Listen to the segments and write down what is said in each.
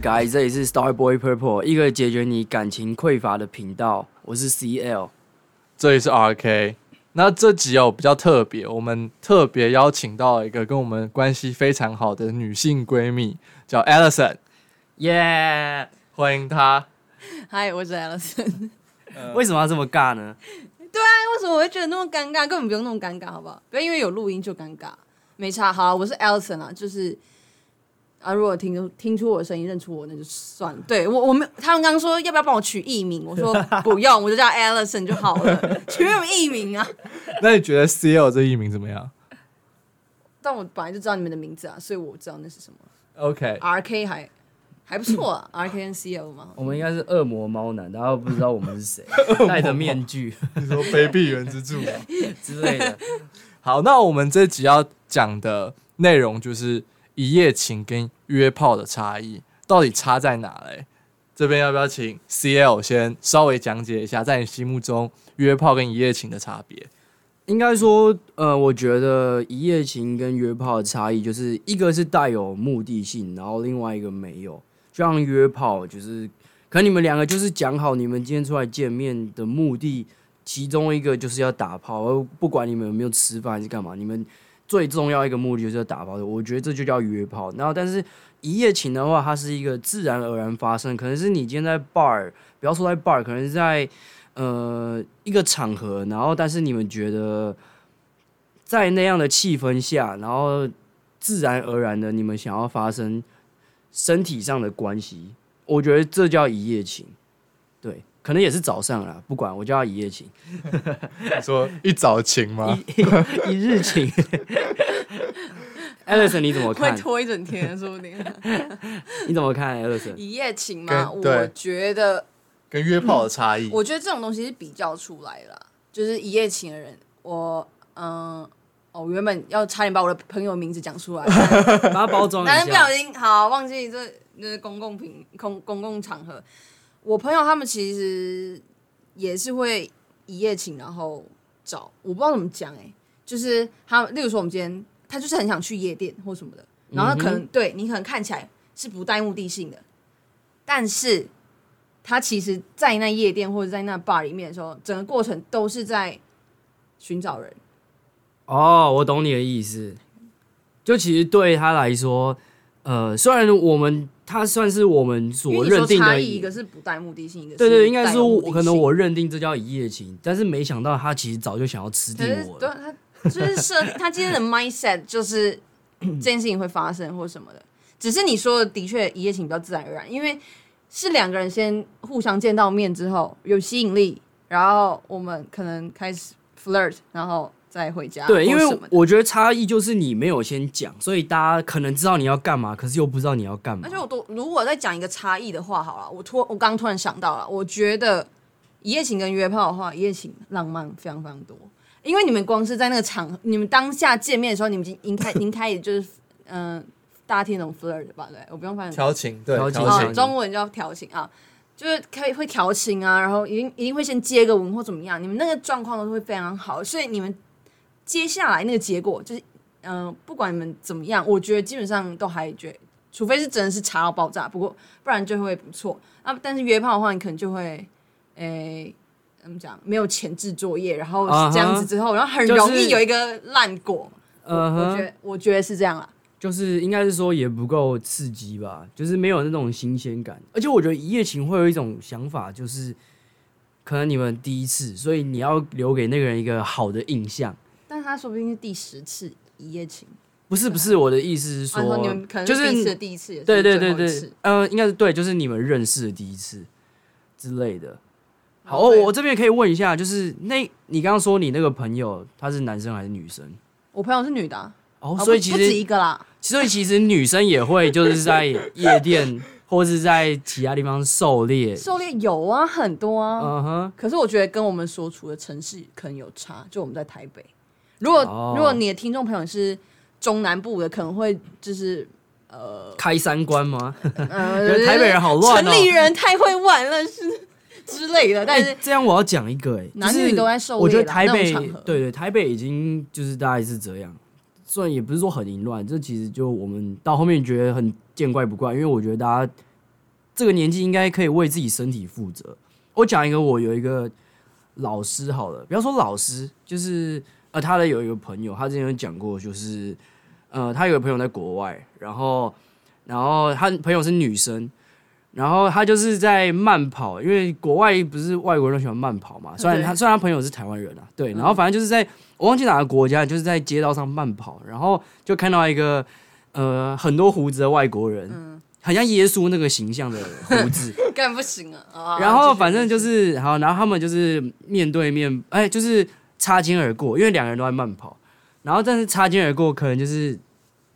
各位，這裡是 Starboy Purple，pur, 一個解決你感情匱乏的頻道。我是 CL，這裡是 RK。那這集哦比較特別，我們特別邀請到一個跟我們關係非常好的女性閨蜜，叫 Alison。耶，Yeah! 歡迎她。Hi，我是 Alison。 為什麼要這麼尬呢？ 對啊，為什麼我會覺得那麼尷尬？根本不用那麼尷尬，好不好？不要因為有錄音就尷尬，沒差。好，我是 Alison 啊，就是。啊！如果聽出聽出我的聲音，認出我，那就算了。對我，我們他們剛剛說要不要幫我取藝名，我說不用，我就叫 Alison 就好了。 取什麼藝名啊？那你覺得 C L 這藝名怎麼樣？但我本來就知道你們的名字啊，所以我知道那是什麼。OK，R Okay. K 還還不錯、啊、 ，R K N C L 嗎？我們應該是惡魔貓男，然後不知道我們是誰， 戴着面具，魔魔 你說卑鄙人之助、啊、 之類的。 好，那我們這集要講的內容就是。一夜情跟約炮的差異到底差在哪嘞？欸？這邊要不要請 CL 先稍微講解一下，在你心目中約炮跟一夜情的差別？應該說，呃，我覺得一夜情跟約炮的差異就是一個是帶有目的性，然後另外一個沒有。就像約炮，就是可能你們兩個就是講好，你們今天出來見面的目的，其中一個就是要打炮，而不管你們有沒有吃飯還是幹嘛，你們。最重要一個目的就是打炮的，我覺得這就叫約炮。然後，但是一夜情的話，它是一個自然而然發生，可能是你今天在 bar，不要說在 bar，可能是在呃一個場合，然後但是你們覺得在那樣的氣氛下，然後自然而然的你們想要發生身體上的關係，我覺得這叫一夜情。可能也是早上了啦，不管我叫他一夜情， 你說一早情嗎？一日情？Alison，你怎麼看？會拖一整天，說不定。 你怎麼看，Alison？一夜情嗎？我覺得跟約炮的差異、嗯，我覺得這種東西是比較出來了、啊。就是一夜情的人，我嗯，哦，原本要差點把我的朋友名字講出來， 把它包裝一下。但是不小心好忘記這，這、就是、公共品公公共場合。我朋友他們其實也是會一夜情，然後找我不知道怎麼講哎、欸，就是他，例如說我們今天，他就是很想去夜店或什麼的，然後他可能、嗯、哼對你可能看起來是不帶目的性的，但是他其實，在那夜店或者在那 bar 裡面的時候，整個過程都是在尋找人。哦，我懂你的意思，就其實對他來說，呃，雖然我們。他算是我們所認定的差異一個是不帶目的性，一個是的對,對對，應該是我可能我認定這叫一夜情，但是沒想到他其實早就想要吃定我可是。對，他就是設定 他今天的 mindset 就是這件事情會發生或什麼的，只是你說的,的確一夜情比較自然而然，因為是兩個人先互相見到面之後有吸引力，然後我們可能開始 flirt，然後。帶回家對，因為我覺得差異就是你沒有先講，所以大家可能知道你要幹嘛，可是又不知道你要幹嘛。而且我都如果再講一個差異的話，好了，我突我剛突然想到了，我覺得一夜情跟約炮的話，一夜情浪漫非常非常多，因為你們光是在那個場，你們當下見面的時候，你們已經開已經 開始就是嗯、呃，大家聽懂 flirt 吧？對，我不用翻譯調情，對，調情,好情中文叫調情啊，就是可以會調情啊，然後一定一定會先接個吻或怎麼樣，你們那個狀況都會非常好，所以你們。接下來那個結果就是，嗯，不管你們怎麼樣，我覺得基本上都還覺得，除非是真的是差到爆炸，不過不然就會不錯。啊，但是約炮的話，你可能就會，誒、欸，怎麼講？沒有前置作業，然後這樣子之後，然後很容易有一個爛果。呃，我覺得我覺得是這樣啦。就是應該是說也不夠刺激吧，就是沒有那種新鮮感。而且我覺得一夜情會有一種想法，就是可能你們第一次，所以你要留給那個人一個好的印象。那說不定是第十次一夜情，不是不是，我的意思是說，你們可能就是第一次，第一次，對對對對，嗯，應該是對，就是你們認識的第一次之類的。好，我這邊可以問一下，就是那，你剛剛說你那個朋友他是男生還是女生？我朋友是女的啊，哦，所以其實不止一個啦，所以其實女生也會就是在夜店或者是在其他地方狩獵，狩獵有啊，很多啊，嗯哼。可是我覺得跟我們所處的城市可能有差，就我們在台北。如果、oh. 如果你的聽眾朋友是中南部的，可能會就是呃開三觀嗎？呃， 台北人好亂，城裡人太會玩了 是之類的。但是、欸、這樣我要講一個哎、欸，男女都在受，我覺得台北對對，對台北已經就是大概是這樣，雖然也不是說很凌亂，這其實就我們到後面覺得很見怪不怪，因為我覺得大家這個年紀應該可以為自己身體負責。我講一個，我有一個老師好了，不要說老師，就是。他的有一個朋友，他之前有講過，就是，呃，他有個朋友在國外，然後，然後他朋友是女生，然後他就是在慢跑，因為國外不是外國人都喜歡慢跑嘛，雖然他對雖然他朋友是台灣人啊，對，嗯、然後反正就是在，我忘記哪個國家，就是在街道上慢跑，然後就看到一個呃很多胡子的外國人，嗯、很像耶穌那個形象的鬍子，幹不行啊。然後反正就是好，然後他們就是面對面，哎，就是。擦肩而過，因為兩個人都在慢跑，然後但是擦肩而過可能就是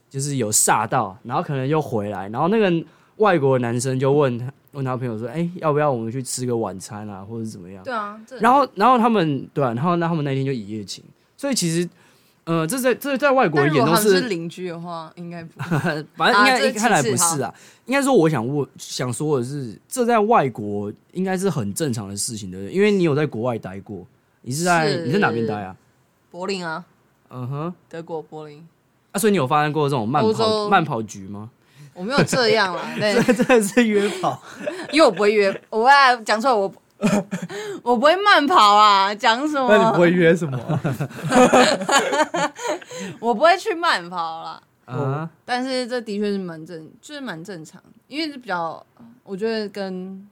就是有煞到，然後可能又回來，然後那個外國的男生就問他問他朋友說：“哎，要不要我們去吃個晚餐啊，或者怎麼樣對啊，對？”對啊，然後然後他們對然後那他們那天就一夜情，所以其實呃，這在這在外國人也都是，如果他們是鄰居的話，應該不 反正應該七七看來不是啊，好應該說我想問，想說的是，這在外國應該是很正常的事情的，因為你有在國外待過。你是在你在哪邊待啊？柏林啊，嗯哼，德國柏林。啊，所以你有發生過這種慢跑慢跑局嗎？我沒有這樣啊，對，這真的是約跑，因為我不會約，我啊講錯我，我不會慢跑啊，講什麼？那你不會約什麼？我不會去慢跑啦。啊，但是這的確是蠻正，就是蠻正常，因為比較我覺得跟，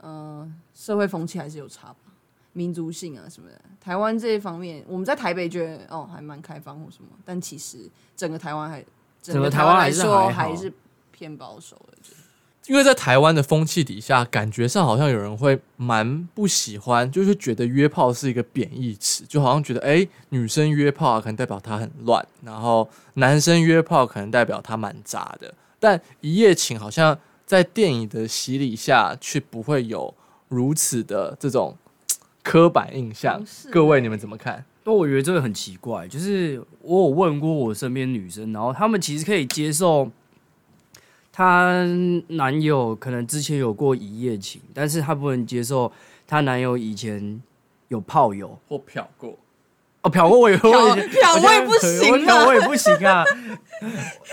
呃，社會風氣還是有差別。民族性啊什麼的，台灣這一方面，我們在台北覺得哦還蠻開放或什麼，但其實整個台灣還整個台灣來說還是偏保守的。因為，在台灣的風氣底下，感覺上好像有人會蠻不喜歡，就是覺得約炮是一個貶義詞，就好像覺得哎、欸，女生約炮、啊、可能代表她很亂，然後男生約炮可能代表他蠻渣的。但一夜情好像在電影的洗禮下，卻不會有如此的這種刻板印象，哦、欸、各位你們怎麼看？那我覺得這個很奇怪，就是我有問過我身邊女生，然後她們其實可以接受她男友可能之前有過一夜情，但是她不能接受她男友以前有炮友或嫖過。哦，嫖過我以後，我也不行的，啊，我也不行啊。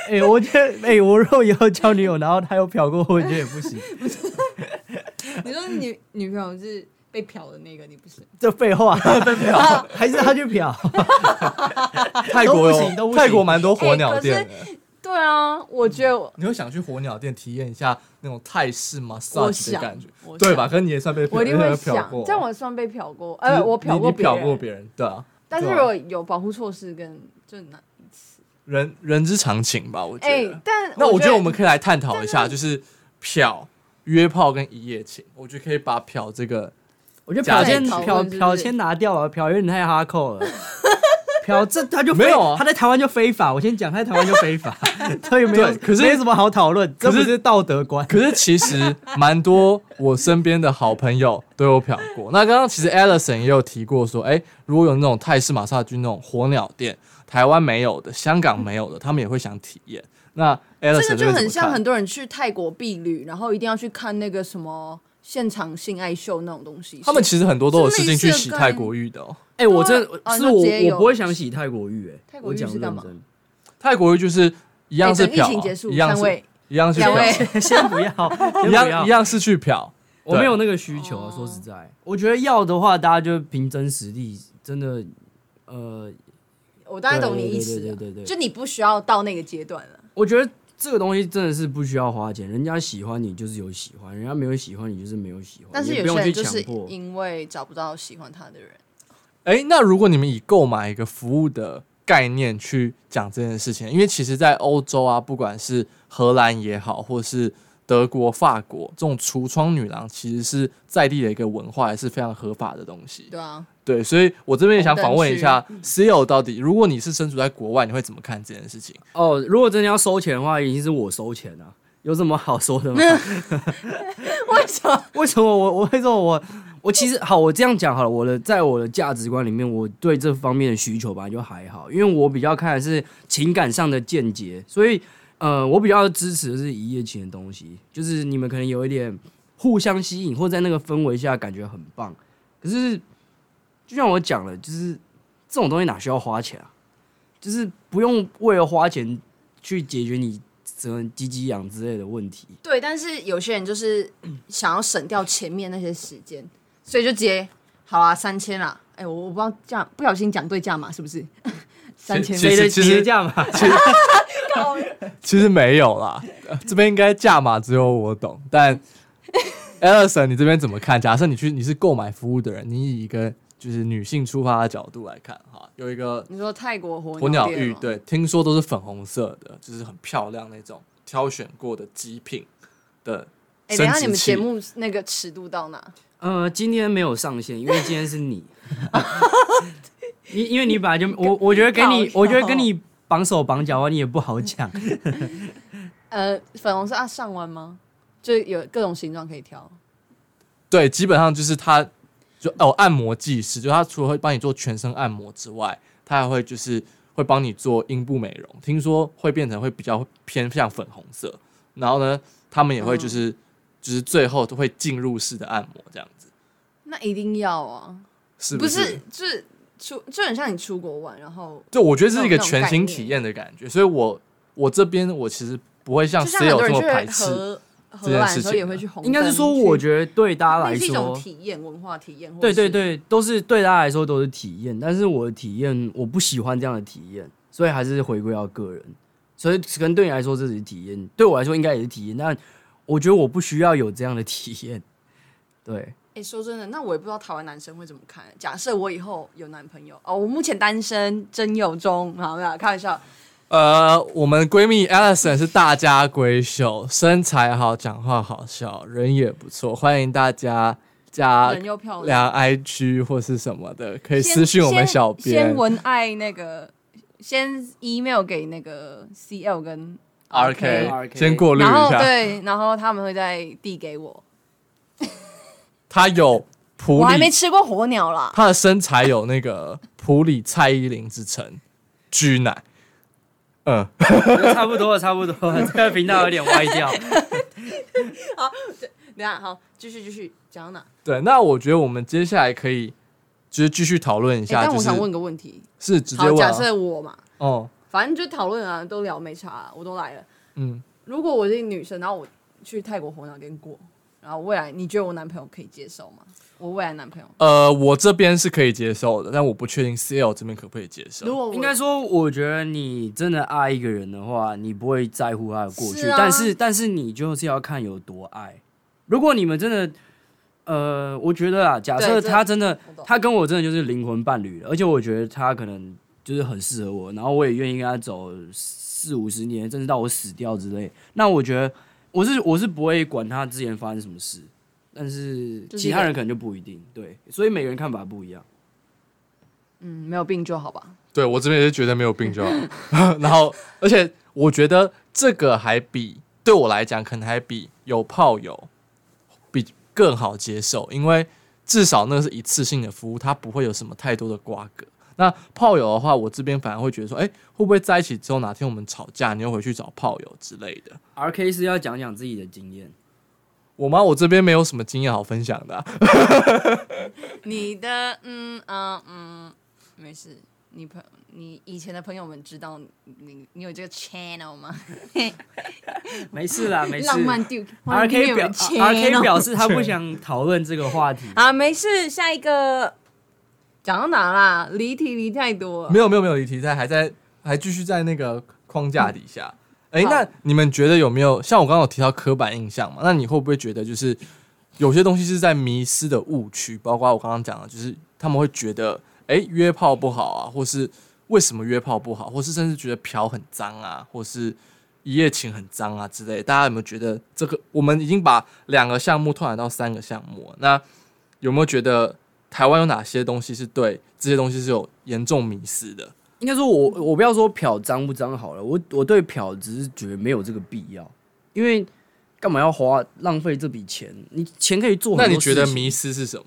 哎 、欸，我覺得，哎，欸，我如果以後交女友，然後他有嫖過，我覺得也不行。不，你說，女、女朋友是？被嫖的那個你不是？這廢話，嫖還是他去嫖？泰國泰國蠻多火鳥店。對啊，我覺得你會想去火鳥店體驗一下那種泰式 massage 的感覺，對吧？可你也算被我一定會嫖過，但我算被嫖過。呃，我嫖過別人，嫖過別人，對啊。但是如果有保護措施，跟就那一次，人人之常情吧，我覺得。但那我覺得我們可以來探討一下，就是嫖、約炮跟一夜情，我覺得可以把嫖這個。我覺得嫖先嫖先拿掉了，嫖有點太哈扣了。嫖這他就沒有，他在台灣就非法。我先講，在台灣就非法，他有沒有，可是沒什麼好討論，這不是道德觀。可是其實蠻多我身邊的好朋友都有嫖過。那剛剛其實 Alison 也有提過說，如果有那種泰式馬殺雞那種火鳥店，台灣沒有的，香港沒有的，他們也會想體驗。那 Alison 就很像很多人去泰國畢旅，然後一定要去看那個什麼。現場性愛秀那種東西，他們其實很多都有事情去洗泰國浴的。哎，我這是我我不會想洗泰國浴。哎，泰國浴是幹嘛？泰國浴就是一樣是嫖，一樣是位，一樣是先不要，一樣一樣是去嫖，我沒有那個需求，說實在，我覺得要的話，大家就憑真實力，真的，呃，我大概懂你意思，對對對，就你不需要到那個階段了。我覺得。這個東西真的是不需要花錢，人家喜歡你就是有喜歡，人家沒有喜歡你就是沒有喜歡。但是有些人就是因為找不到喜歡他的人。哎，那如果你們以購買一個服務的概念去講這件事情，因為其實，在歐洲啊，不管是荷蘭也好，或是德國、法國，這種櫥窗女郎其實是在地的一個文化，也是非常合法的東西。對啊。對，所以，我這邊也想訪問一下 CEO，到底，如果你是身處在國外，你會怎麼看這件事情？哦，如果真的要收錢的話，已經是我收錢了，有什麼好說的嗎？ 為什麼？為什麼我我會說，我我，我其實好，我這樣講好了，我的在我的價值觀裡面，我對這方面的需求吧，就還好，因為我比較看的是情感上的見解，所以，呃，我比較支持的是一夜情的東西，就是你們可能有一點互相吸引，或在那個氛圍下感覺很棒，可是。就像我講了，就是這種東西哪需要花錢啊？就是不用為了花錢去解決你什麼雞雞癢之類的問題。對，但是有些人就是想要省掉前面那些時間，所以就接好啊，三千啦，哎、欸，我我不知道價，不小心講對價碼，是不是？三千對價碼。其實沒有啦，這邊應該價碼只有我懂。但 Alison，你這邊怎麼看？假設你去，你是購買服務的人，你以一個就是女性出發的角度來看哈，有一個你說泰國火鳥火鳥玉，對，聽說都是粉紅色的，就是很漂亮那種，挑選過的極品的。哎、欸，等一下你們節目那個尺度到哪？呃，今天沒有上線，因為今天是你，因 因為你本來就我我覺得給你我覺得跟你綁手綁腳的話，你也不好講。 呃，粉紅色啊，上完嗎？就有各種形狀可以挑。對，基本上就是它。就哦，按摩技師，就他除了會幫你做全身按摩之外，他還會就是會幫你做陰部美容，聽說會變成會比較偏向粉紅色。然後呢，他們也會就是、嗯、就是最後都會進入式的按摩這樣子。那一定要啊，是不是？不是就是出就很像你出國玩，然後對，就我覺得是一個全新體驗的感覺。所以我，我我這邊我其實不會像室友這麼排斥。荷蘭，然後也會去紅燈區。應該是說，我覺得對大家來說是一種體驗，文化體驗。對對對，都是對大家來說都是體驗，但是我的體驗，我不喜歡這樣的體驗，所以還是回歸到個人。所以可能對你來說這只是體驗，對我來說應該也是體驗，但我覺得我不需要有這樣的體驗。對。哎、欸，說真的，那我也不知道台灣男生會怎麼看。假設我以後有男朋友哦，我目前單身徵友中。好，不要開玩笑。呃，我們閨蜜 Alison 是大家閨秀，身材好，講話好笑，人也不錯。歡迎大家加人又漂亮，IG 或是什麼的，可以私信我們小編。先文愛那個，先 email 給那個 CL 跟 RK，先過濾一下。對，然後他們會再遞給我。 他有普，我還沒吃過火鳥啦，他的身材有那個普里蔡依林之稱，巨奶。嗯， 差不多了，差不多了，這個頻道有點歪掉。 對 好，對，等下，好，繼續繼續講到哪？對，那我覺得我們接下來可以就是繼續討論一下。欸、但、就是、我想問個問題，是直接問、啊、假設我嘛？哦，反正就討論啊，都聊沒差，啊，我都來了。嗯，如果我是一女生，然後我去泰國紅島店過，然後未來你覺得我男朋友可以接受嗎？我未來男朋友，呃，我這邊是可以接受的，但我不確定 CL 這邊可不可以接受。如果應該說，我覺得你真的愛一個人的話，你不會在乎他的過去，是啊，但是但是你就是要看有多愛。如果你們真的，呃，我覺得啊，假設他真的，真的他跟我真的就是靈魂伴侶，而且我覺得他可能就是很適合我，然後我也願意跟他走四五十年，甚至到我死掉之類。那我覺得，我是我是不會管他之前發生什麼事。但是、就是、其他人可能就不一定對，所以每個人看法不一樣。嗯，沒有病就好吧。對，我這邊也是覺得沒有病就好。 然後，而且我覺得這個還比對我來講，可能還比有炮友比更好接受，因為至少那是一次性的服務，它不會有什麼太多的瓜葛。那炮友的話，我這邊反而會覺得說，哎、欸，會不會在一起之後哪天我們吵架，你又回去找炮友之類的？R K 是要講講自己的經驗。我媽，我這邊沒有什麼經驗好分享的、啊。 你的，嗯嗯、呃、嗯，沒事。你朋友，你以前的朋友們知道你，你有這個 channel 嗎？ 沒事啦，沒事。浪漫 Duke，RK 表，RK 表示他不想討論這個話題啊。沒事，下一個。講到哪啦？離題離太多了。沒有沒有沒有，離題在，還在，還繼續在那個框架底下。嗯哎、欸，那你們覺得有沒有像我剛剛有提到刻板印象嘛？那你會不會覺得就是有些東西是在迷失的誤區？包括我剛剛講的，就是他們會覺得，哎、欸，約炮不好啊，或是為什麼約炮不好，或是甚至覺得嫖很髒啊，或是一夜情很髒啊之類的。大家有沒有覺得這個？我們已經把兩個項目拓展到三個項目，那有沒有覺得台灣有哪些東西是對這些東西是有嚴重迷思的？應該說我，我我不要說嫖，髒不髒好了，我我對嫖只是覺得沒有這個必要，因為幹嘛要花浪費這筆錢？你錢可以做。那你覺得迷思是什麼？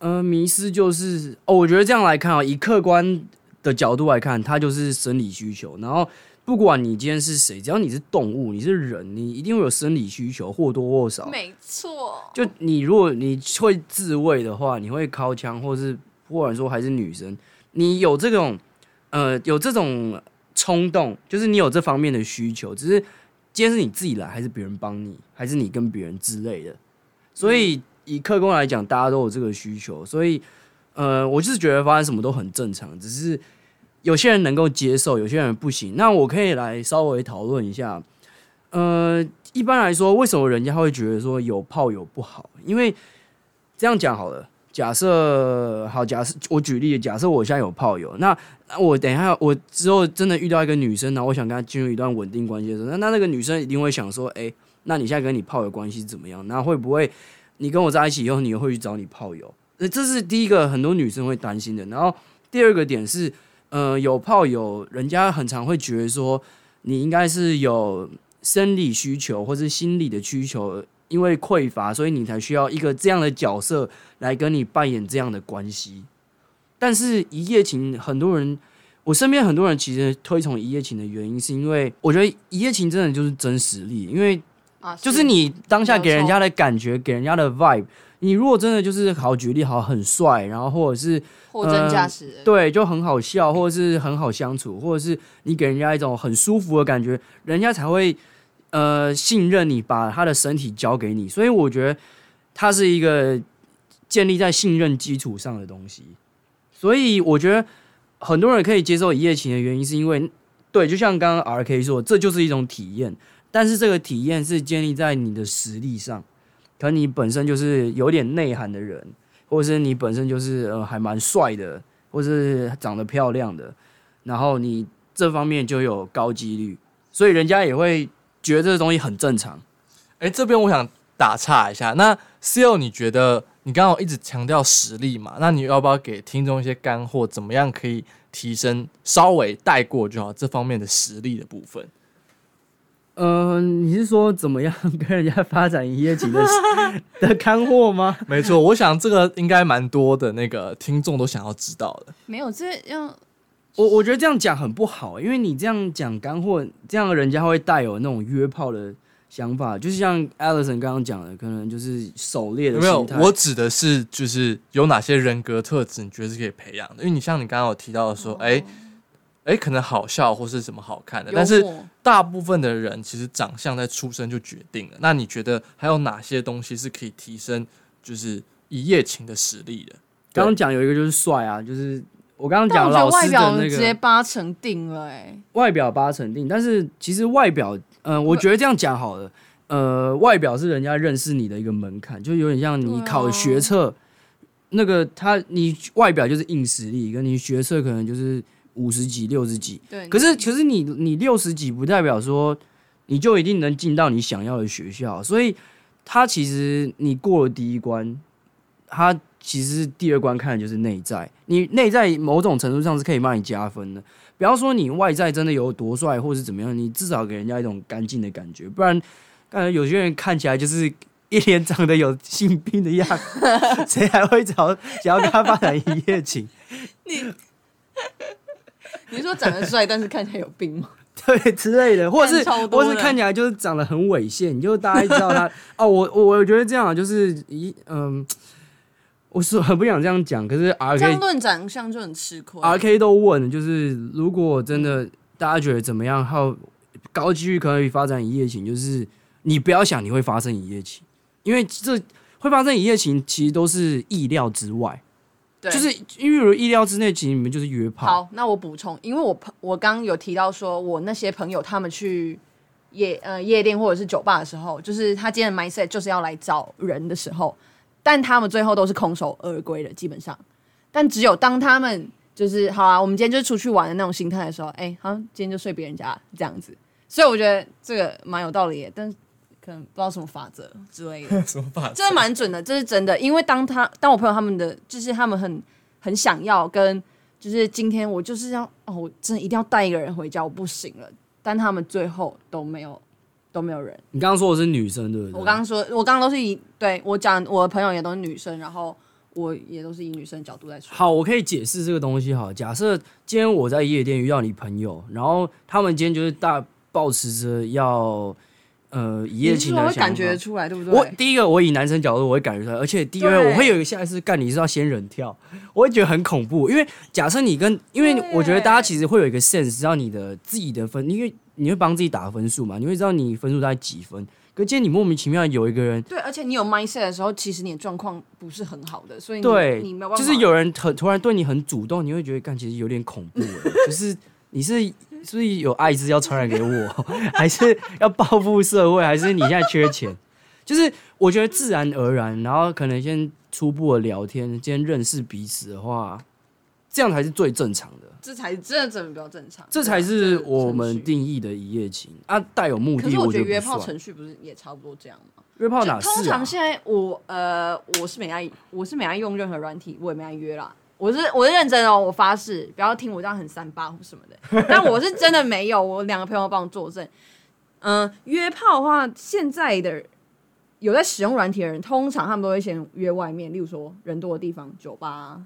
嗯、呃，迷思就是哦，我覺得這樣來看啊、哦，以客觀的角度來看，它就是生理需求。然後不管你今天是誰，只要你是動物，你是人，你一定會有生理需求，或多或少。沒錯錯。就你如果你會自慰的話，你會尻槍，或是或者說還是女生，你有這種。呃，有這種衝動，就是你有這方面的需求，只是今天是你自己來，還是別人幫你，還是你跟別人之類的。所以以客觀來講，大家都有這個需求，所以呃，我就是覺得發生什麼都很正常，只是有些人能夠接受，有些人不行。那我可以來稍微討論一下。呃，一般來說，為什麼人家會覺得說有炮友不好？因為這樣講好了。假設好，假設我舉例，假設我現在有炮友那，那我等一下，我之後真的遇到一個女生呢，然後我想跟她進入一段穩定關係的時候，那那那個女生一定會想說，哎、欸，那你現在跟你炮友關係怎麼樣？那會不會你跟我在一起以後，你又會去找你炮友？這是第一個，很多女生會擔心的。然後第二個點是，呃，有炮友，人家很常會覺得說，你應該是有生理需求或是心理的需求。因為匱乏，所以你才需要一個這樣的角色來跟你扮演這樣的關係。但是一夜情，很多人，我身邊很多人其實推崇一夜情的原因，是因為我覺得一夜情真的就是真實力，因為啊，就是你當下給人家的感覺，啊、給人家的，的 vibe，你如果真的就是好，舉例好，很帥，然後或者是貨真價實、嗯，對，就很好笑，或者是很好相處，或者是你給人家一種很舒服的感覺，人家才會。呃，信任你，把他的身體交給你，所以我覺得他是一個建立在信任基礎上的東西。所以我覺得很多人可以接受一夜情的原因，是因為對，就像剛剛 RK 說，這就是一種體驗。但是這個體驗是建立在你的實力上，可能你本身就是有點內涵的人，或是你本身就是呃還蠻帥的，或是長得漂亮的，然後你這方面就有高幾率，所以人家也會。覺得這個東西很正常，哎，這邊我想打岔一下。那 C.O，你覺得你剛剛一直強調實力嘛？那你要不要給聽眾一些乾貨？怎麼樣可以提升？稍微帶過就好，這方面的實力的部分。嗯、呃，你是說怎麼樣跟人家發展一夜情的 的乾貨嗎？沒錯，我想這個應該蠻多的那個聽眾都想要知道的。沒有這樣。我我覺得這樣講很不好，欸，因為你這樣講幹話，這樣人家會帶有那種約炮的想法，就是像 Alison 剛剛講的，可能就是狩獵的心態。沒有，我指的是就是有哪些人格特質，你覺得是可以培養的？因為你像你剛剛有提到說，哎、哦，哎、欸欸，可能好笑或是什麼好看的，但是大部分的人其實長相在出生就決定了。那你覺得還有哪些東西是可以提升，就是一夜情的實力的？剛剛講有一個就是帥啊，就是。我剛剛講了老師的那個，外表，直接八成定了哎。外表八成定，但是其實外表，嗯、呃，我覺得這樣講好了。呃，外表是人家認識你的一個門檻，就有點像你考學測，啊、那個他你外表就是硬實力，跟你學測可能就是五十幾、六十幾。對可。可是其實你你六十幾不代表說你就一定能進到你想要的學校，所以他其實你過了第一關，他。其實第二關看的就是內在，你內在某種程度上是可以幫你加分的。比方說你外在真的有多帥，或是怎麼樣，你至少給人家一種乾淨的感覺。不然，感覺有些人看起來就是一臉長得有性病的樣子，誰 還會找想要跟他發展一夜情？ 你你說長得帥，但是看起來有病嗎？對之類的，或是或是看起來就是長得很猥褻，你就大家知道他 哦。我我覺得這樣就是一嗯。我是很不想這樣講，可是阿 K 這樣論長相就很吃虧啊。R K 都問，就是如果真的大家覺得怎麼樣，有高幾率可以發展一夜情，就是你不要想你會發生一夜情，因為這會發生一夜情，其實都是意料之外。對，就是因為如意料之內，其實你們就是約炮。好，那我補充，因為我朋我剛有提到說我那些朋友他們去夜呃夜店或者是酒吧的時候，就是他今天的 mindset 就是要來找人的時候。但他們最後都是空手而歸的，基本上。但只有當他們就是好啊，我們今天就出去玩的那種心態的時候，哎、欸，好，今天就睡別人家這樣子。所以我覺得這個蠻有道理的，但可能不知道什麼法則之類的。什麼法則？這是蠻準的，這、就是真的。因為當他當我朋友他們的，就是他們很很想要跟，就是今天我就是要哦，我真的一定要帶一個人回家，我不行了。但他們最後都沒有。都沒有人。你剛剛說我是女生，對不對？我剛剛說，我剛剛都是以對我講我的朋友也都是女生，然後我也都是以女生的角度在說。好，我可以解釋這個東西哈。假設今天我在夜店遇到你朋友，然後他們今天就是大抱持着要呃一夜情的想法，我第一個我以男生角度我會感覺出來，而且第二個對我會有一個下一次幹你是要先忍跳，我會覺得很恐怖。因為假設你跟，因為我覺得大家其實會有一個 sense，讓你的自己的分，因為。你會幫自己打分數嘛？你會知道你分數大概幾分？可今天你莫名其妙有一個人，對，而且你有 mindset 的時候，其實你的狀況不是很好的，所以你對，你沒有辦法就是有人很突然對你很主動，你會覺得幹，其實有點恐怖。 就是你是是不是有艾滋要傳染給我， 還是要報復社會，還是你現在缺錢？ 就是我覺得自然而然，然後可能先初步的聊天，先認識彼此的話。這樣才是最正常的，這才真的真的比較正常。這才是我們定義的一夜情對啊，帶有目的。序可是我覺得約炮程序不是也差不多這樣嗎？約炮哪、啊、通常現在我呃，我是沒在，我是沒在用任何軟體，我也沒在約啦。我是我是認真哦、喔，我發誓，不要聽我這樣很三八或什麼的。 但我是真的沒有，我兩個朋友幫我作證。嗯、呃，約炮的話，現在的有在使用軟體的人，通常他們都會先約外面，例如說人多的地方，酒吧、啊。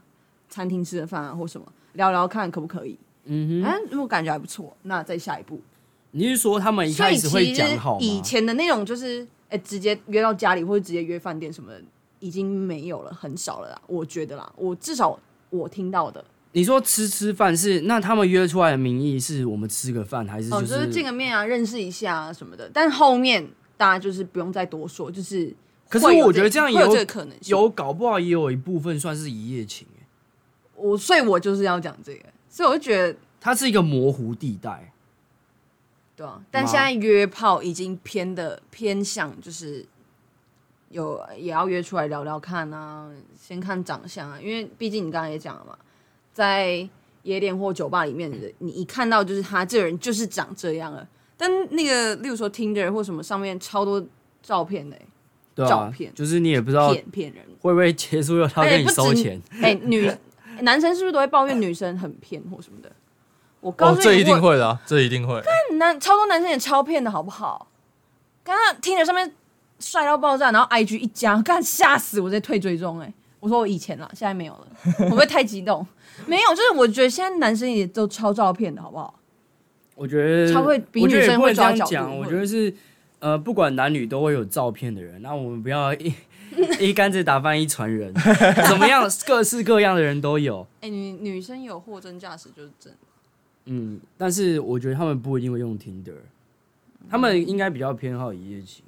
餐廳吃的飯啊，或什麼聊聊看可不可以？嗯哼、啊，如果感覺還不錯，那再下一步。你是說他們一開始會講好嗎？以，以前的那種就是，哎、欸，直接約到家裡或者直接約飯店什麼的，已經沒有了，很少了啦。我覺得啦，我至少我聽到的，你說吃吃飯是那他們約出來的名義是我們吃個飯，還是、就是、哦，就是見個面啊，認識一下啊什麼的？但後面大家就是不用再多說，就是。可是我覺得這樣也有，有這個可能性，有搞不好也有一部分算是一夜情。我所以我就是要講這個，所以我就覺得它是一個模糊地帶，對啊。但現在約炮已經偏的偏向就是有也要約出來聊聊看啊，先看長相啊，因為畢竟你剛才也講了嘛，在夜店或酒吧裡面、嗯、你一看到就是他這個人就是長這樣了。但那個例如說 Tinder 或什麼上面超多照片的、對啊、照片就是你也不知道騙，騙人會不會結束又他跟你收錢。哎、欸欸、女。 男生是不是都會抱怨女生很騙或什麼的？哎、呦 我告訴你，這一定會的、啊，這一定會。看男超多男生也超騙的好不好？剛剛聽着上面帥到爆炸，然後 IG 一加，看嚇死我，直接退追蹤。哎，我說我以前了，現在沒有了，我不會太激動。 沒有，就是我覺得現在男生也都超照騙的好不好？我覺得超會比女生會這樣講。我覺得是呃，不管男女都會有照騙的人，那我們不要一。 一竿子打翻一船人， 怎麼樣？各式各樣的人都有。哎、欸，女女生有貨真價實就是真的。嗯，但是我覺得他們不一定會用 Tinder，、嗯、他們應該比較偏好一夜情，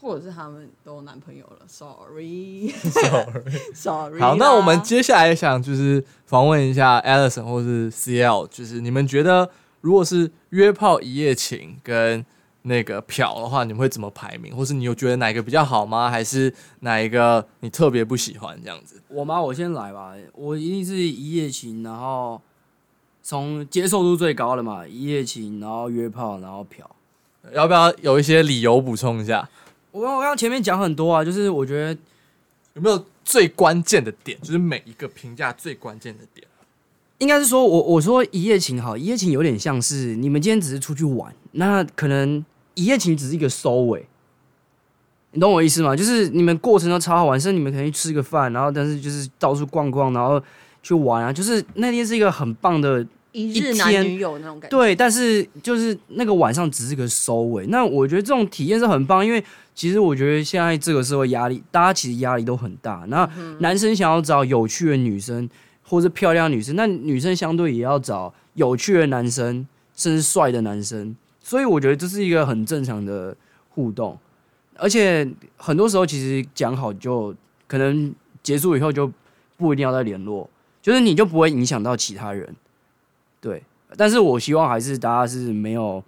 或者是他們都有男朋友了。Sorry，Sorry，Sorry。好，那我們接下來想就是訪問一下 Alison 或是 CL，就是你們覺得如果是約炮一夜情跟。那個嫖的話，你們會怎麼排名？或是你有覺得哪一個比較好嗎？還是哪一個你特別不喜歡這樣子？我嗎？我先來吧。我一定是一夜情，然後從接受度最高的嘛，一夜情，然後約炮，然後嫖。要不要有一些理由補充一下？我我剛前面講很多啊，就是我覺得有沒有最關鍵的點？就是每一個評價最關鍵的點，應該是說我我說一夜情好，一夜情有點像是你們今天只是出去玩，那可能。一夜情只是一個收尾，你懂我意思嗎？就是你們過程都超好玩，是你們可以吃個飯，然後但是就是到處逛逛，然後去玩啊，就是那天是一個很棒的一天，一日男女友那種感覺，對，但是就是那個晚上只是個收尾。那我覺得這種體驗是很棒，因為其實我覺得現在這個社會壓力，大家其實壓力都很大。那男生想要找有趣的女生，或者是漂亮女生，那女生相對也要找有趣的男生，甚至帥的男生。所以我覺得這是一個很正常的互動，而且很多時候其實講好就可能結束以後就不一定要再聯絡，就是你就不會影響到其他人，對。但是我希望還是大家是沒有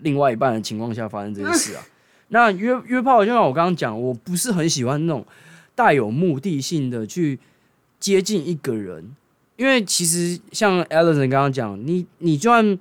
另外一半的情況下發生這件事啊。嗯、那約約炮就像我剛剛講，我不是很喜歡那種帶有目的性的去接近一個人，因為其實像 Alison 剛剛講，你你就算。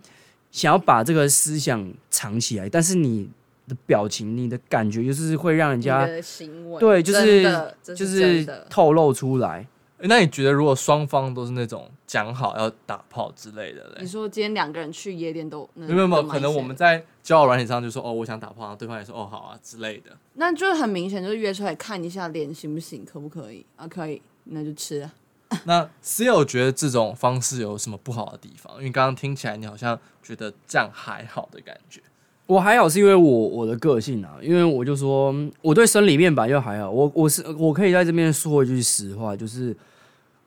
想要把這個思想藏起來，但是你的表情、你的感覺，就是會讓人家的行為，對，就是就是透露出來。欸、那你覺得，如果雙方都是那種講好要打炮之類的、欸、你說今天兩個人去夜店都有沒有沒有，可能我們在交友軟體上就說哦，我想打炮，然後對方也說哦，好啊之類的。那就是很明顯，就是約出來看一下臉行不行，可不可以啊？可以，那就吃了。 那 C 友覺得這種方式有什麼不好的地方？因為剛剛聽起來你好像覺得這樣還好的感覺，我還好是因為我我的個性啊，因為我就說我對生理面板就還好，我我是我可以在這邊說一句實話，就是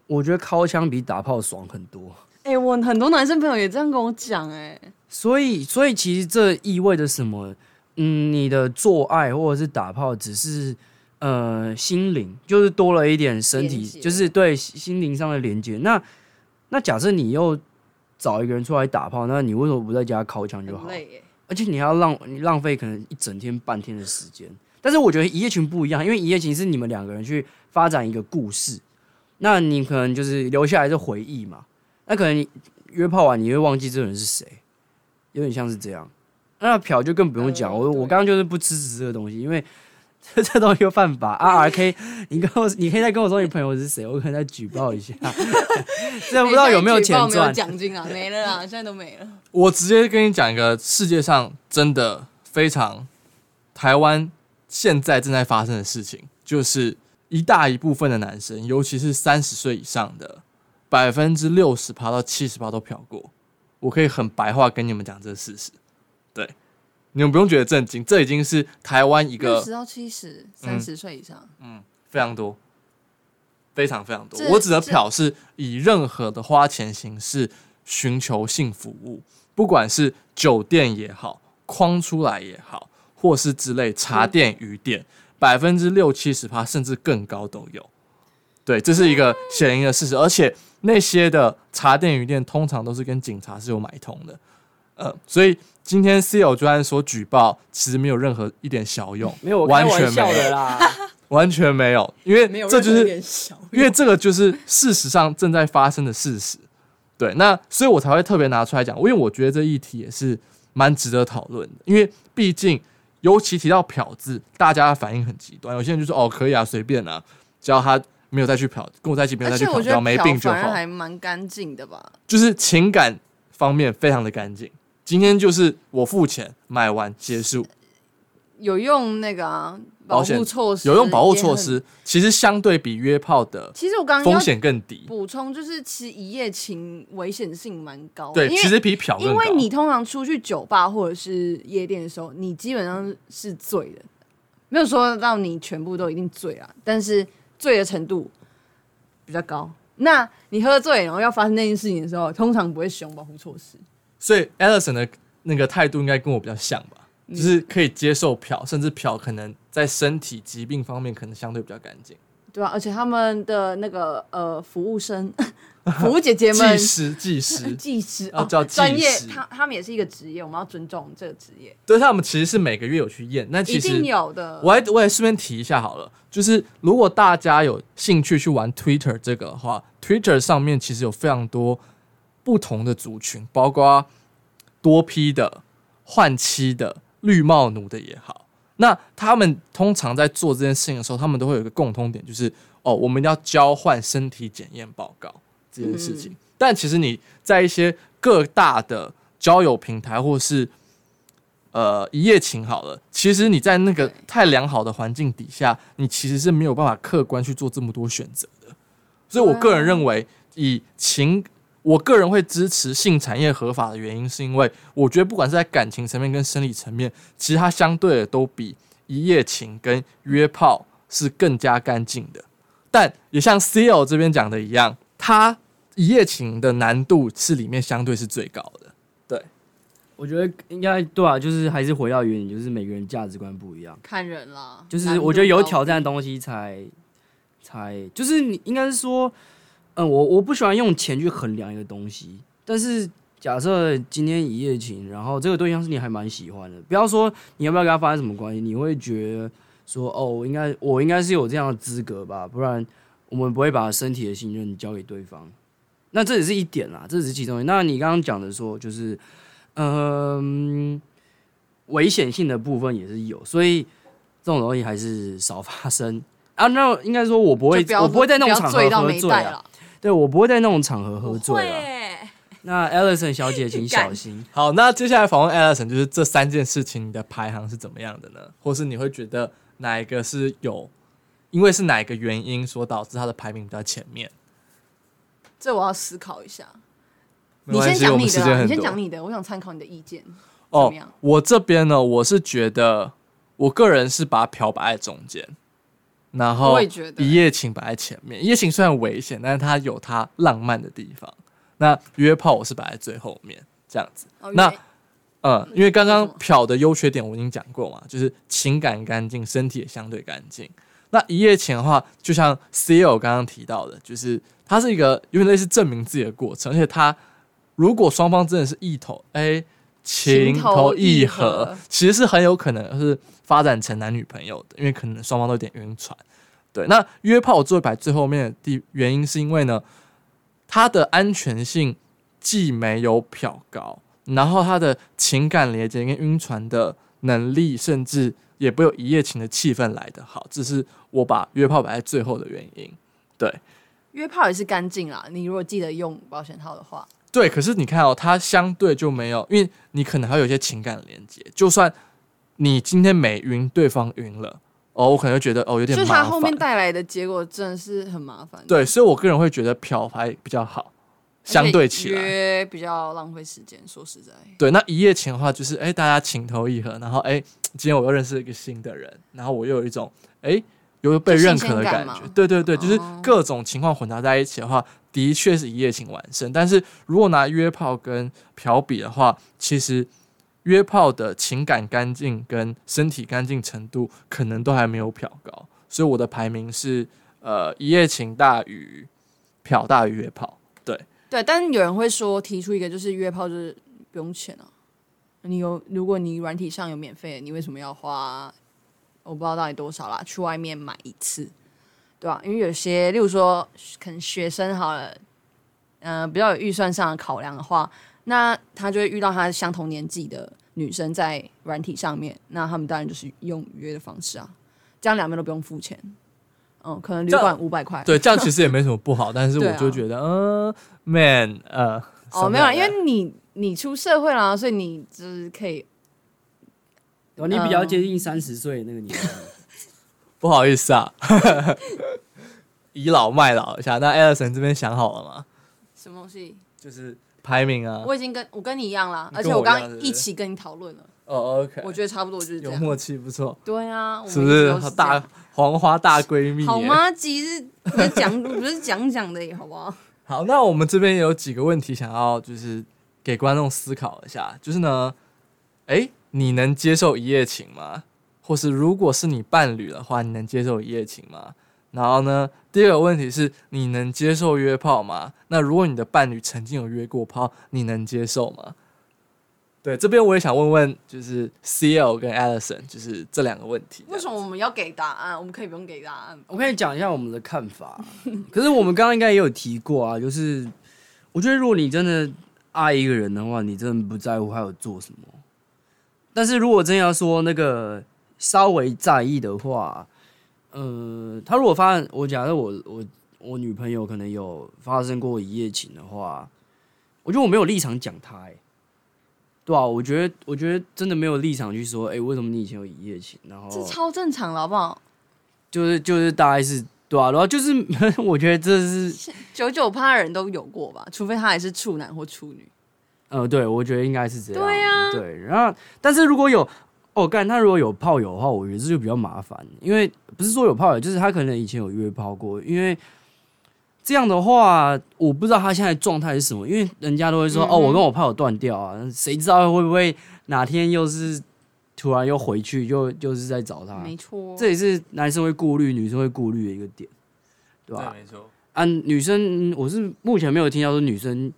我覺得尻槍比打炮爽很多。哎、欸，我很多男生朋友也這樣跟我講、欸，哎，所以所以其實這意味着什麼？嗯，你的做愛或者是打炮只是。呃，心靈就是多了一點身體，就是對心靈上的連接。那那假設你又找一個人出來打炮，那你為什麼不在家尻槍就好？欸、而且你還要浪浪費可能一整天半天的時間。但是我覺得一夜情不一樣，因為一夜情是你們兩個人去發展一個故事。那你可能就是留下來的回憶嘛？那可能你約炮完你會忘記這人是誰，有點像是這樣。那嫖就更不用講。嗯、我對我剛剛就是不支持這個東西，因為。 這東西又犯法 r、啊、r K，你跟我，你可以再跟我說你朋友是誰，我可能再舉報一下。 現在不知道有沒有錢賺，獎、哎、金啊沒了啊，現在都沒了。我直接跟你講一個世界上真的非常台灣現在正在發生的事情，就是一大一部分的男生，尤其是三十歲以上的，百分之六十到七十趴都嫖過。我可以很白話跟你們講這個事實，對。你們不用覺得震驚，這已經是台灣一個六十到七十三十歲以上，嗯，非常多，非常非常多。這我指的嫖是以任何的花錢形式尋求性服務，不管是酒店也好，框出來也好，或是之類茶店、魚店，百分之六七十趴甚至更高都有。對，這是一個顯明的事實，而且那些的茶店、魚店通常都是跟警察是有買通的，呃、嗯，所以。今天 c e 專居說舉報，其實沒有任何一點小用，沒有，開玩笑的啦，完全沒有， 完全沒有，因為這就是，因為這個就是事實上正在發生的事實，對，那所以我才會特別拿出來講，因為我覺得這議題也是蠻值得討論的，因為畢竟尤其提到“嫖”字，大家的反應很極端，有些人就說：“哦，可以啊，隨便啊，只要他沒有再去嫖，跟我在一起，沒有再去嫖,嫖，沒病就好，還蠻乾淨的吧？”就是情感方面非常的乾淨。今天就是我付錢買完結束，有用那個、啊、保護措施，有用保護措施，很其實相對比約炮的風險更低，其實我剛風險更低。補充就是，其實一夜情危險性蠻高的，對，為其實比嫖，因為你通常出去酒吧或者是夜店的時候，你基本上是醉的，沒有說到你全部都一定醉了，但是醉的程度比較高。那你喝醉然後要發生那件事情的時候，通常不會使用保護措施。所以 Alison 的那個態度應該跟我比較像吧，就是可以接受嫖，甚至嫖可能在身體疾病方面可能相對比較乾淨，對啊，而且他們的那個呃服務生、服務姐姐們 技師、技師、 技師啊，哦，叫專業，他他們也是一個職業，我們要尊重這個職業。對，他們其實是每個月有去驗，那其實一定有的。我還我還順便提一下好了，就是如果大家有興趣去玩 Twitter 這個的話，Twitter 上面其實有非常多不同的族群，包括。多批的換妻的綠帽奴的也好，那他們通常在做這件事情的時候，他們都會有一個共通點，就是哦，我們要交換身體檢驗報告這件事情。嗯、但其實你在一些各大的交友平台，或是呃一夜情好了，其實你在那個太良好的環境底下，你其實是沒有辦法客觀去做這麼多選擇的。嗯、所以我個人認為，以情。我個人會支持性產業合法的原因，是因為我覺得不管是在感情層面跟生理層面，其實它相對的都比一夜情跟約炮是更加乾淨的。但也像 Ciel 這邊講的一樣，他一夜情的難度是裡面相對是最高的。對，我覺得應該對啊，就是還是回到原點，就是每個人價值觀不一樣，看人啦。就是我覺得有挑戰的東西才才，就是你應該是說。嗯，我我不喜歡用錢去衡量一個東西，但是假設今天一夜情，然後這個對象是你還蠻喜歡的，不要說你要不要跟他發生什麼關係，你會覺得說哦，應該我應該是有這樣的資格吧，不然我們不會把身體的信任交給對方。那這也是一點啦，這只是其中一。那你剛剛講的說就是，嗯，危險性的部分也是有，所以這種東西還是少發生啊。那應該說我不會，就不要，我不會在那種場合喝醉啊。就不要醉到沒帶了。對，我不會在那種場合喝醉了。會那 Alison 小姐，請小心。 你好，那接下來訪問 Alison，就是這三件事情你的排行是怎麼樣的呢？或是你會覺得哪一個是有，因為是哪一個原因所導致他的排名比較前面？這我要思考一下。沒，你先講你的，你先講你的，我想參考你的意見。哦、oh,，我這邊呢，我是覺得，我個人是把嫖擺在中間。然後一夜情擺在前面，一夜情雖然危險，但是它有它浪漫的地方。那約炮我是擺在最後面這樣子。Oh, 那嗯，因為剛剛嫖的優缺點我已經講過嘛，麼就是情感乾淨，身體也相對乾淨。那一夜情的話，就像 CL 剛剛提到的，就是它是一個有點類似證明自己的過程，而且它如果雙方真的是一頭，欸情投意合，意合其實是很有可能是發展成男女朋友的，因為可能雙方都有點暈船。對，那約炮我最擺最後面的地原因，是因為呢，他的安全性既沒有漂高，然後他的情感連接跟暈船的能力，甚至也不有一夜情的氣氛來的。好，這是我把約炮擺在最後的原因。對，約炮也是乾淨啦，你如果記得用保險套的話。對，可是你看哦，它相對就沒有，因為你可能還有一些情感連接。就算你今天沒暈，對方暈了，哦，我可能就覺得哦，有點麻煩。就它後面帶來的結果真的是很麻煩。對，所以我個人會覺得嫖妓比較好，相對起來比較浪費時間。說實在，對，那一夜情的話，就是哎，大家情投意合，然後哎，今天我又認識了一個新的人，然後我又有一種哎。誒有被認可的感覺，感對對對，就是各種情況混雜在一起的話，哦、的確是一夜情完勝。但是如果拿約炮跟嫖比的話，其實約炮的情感乾淨跟身體乾淨程度，可能都還沒有嫖高。所以我的排名是，呃，一夜情大於嫖大於約炮。對對，但是有人會說，提出一個就是約炮就是不用錢啊，你有如果你軟體上有免費，你為什麼要花？我不知道到底多少啦，去外面買一次，對吧、啊？因為有些，例如說，可能學生好了，嗯、呃，比較有預算上的考量的話，那他就會遇到他相同年紀的女生在軟體上面，那他們當然就是用約的方式啊，這樣兩邊都不用付錢。嗯、呃，可能旅館五百塊，對，這樣其實也沒什麼不好， 但是我就覺得，嗯，man，呃，哦，沒有，因為你你出社會了，所以你就是可以。哦，你比較接近三十歲那個年齡。嗯、不好意思啊，倚 老賣老一下。那 Alison 這邊想好了嗎？什麼東西？就是排名啊。我已經跟我跟你一樣啦，而且我剛剛一起跟你討論了。哦，OK。我覺得差不多就是這樣有默契不錯，不錯。對啊，是,是不是大黃花大閨蜜、欸？好嗎？其實講不是講講 的、欸，好不好？好，那我們這邊有幾個問題想要就是給觀眾思考一下，就是呢，欸你能接受一夜情嗎？或是如果是你伴侶的話，你能接受一夜情嗎？然後呢？第二個問題是，你能接受約炮嗎？那如果你的伴侶曾經有約過炮，你能接受嗎？對，這邊我也想問問，就是 CL 跟 Alison，就是這兩個問題。為什麼我們要給答案？我們可以不用給答案。我可以講一下我們的看法。 可是我們剛剛應該也有提過啊，就是我覺得如果你真的愛一個人的話，你真的不在乎他有做什麼。但是如果真要說那個稍微在意的話，呃，他如果發我假設我我我女朋友可能有發生過一夜情的話，我覺得我沒有立場講他、欸，哎，對啊，我覺得我覺得真的沒有立場去說，哎、欸，為什麼你以前有一夜情？然後這超正常了，好不好？就是，是、啊、就是，大概是對啊，然後就是，我覺得這是九九趴的人都有過吧，除非他還是處男或處女。呃，對，我覺得應該是這樣。對、啊、對。然後，但是如果有，哦，幹他如果有炮友的話，我覺得這就比較麻煩，因為不是說有炮友，就是他可能以前有約炮過。因為這樣的話，我不知道他現在狀態是什麼，因為人家都會說：“嗯、哼哦，我跟我炮友斷掉啊。”誰知道會不會哪天又是突然又回去，又就，就是在找他？沒錯，這也是男生會顧慮、女生會顧慮的一個點，對吧？對，沒錯。嗯、啊，女生我是目前沒有聽到說女生。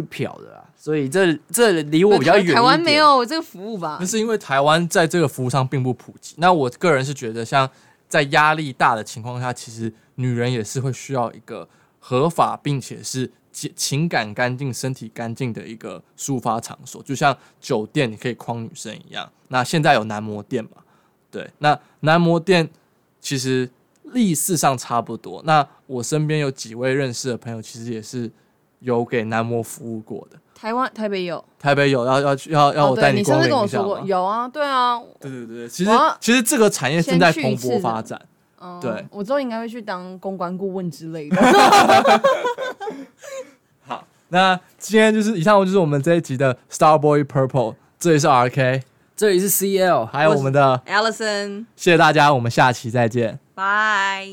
去嫖的啊，所以這這離我比較遠。台灣沒有這個服務吧？那是因為台灣在這個服務上並不普及。那我個人是覺得，像在壓力大的情況下，其實女人也是會需要一個合法並且是情情感乾淨、身體乾淨的一個抒發場所，就像酒店你可以誆女生一樣。那現在有男模店嘛？對，那男模店其實歷史上差不多。那我身邊有幾位認識的朋友，其實也是。有給男模服務過的，台灣台北有，台北有，要要去要要我、哦、帶你。你上次跟我說過？有啊，對啊，對，對對對，其實我要 其實這個產業正在蓬勃發展。嗯，對，我之後應該會去當公關顧問之類的。 好，那今天就是以上就是我們這一集的 Starboy Purple，這裡是 RK，這裡是 CL，還有我們的 Alison，謝謝大家，我們下期再見，拜。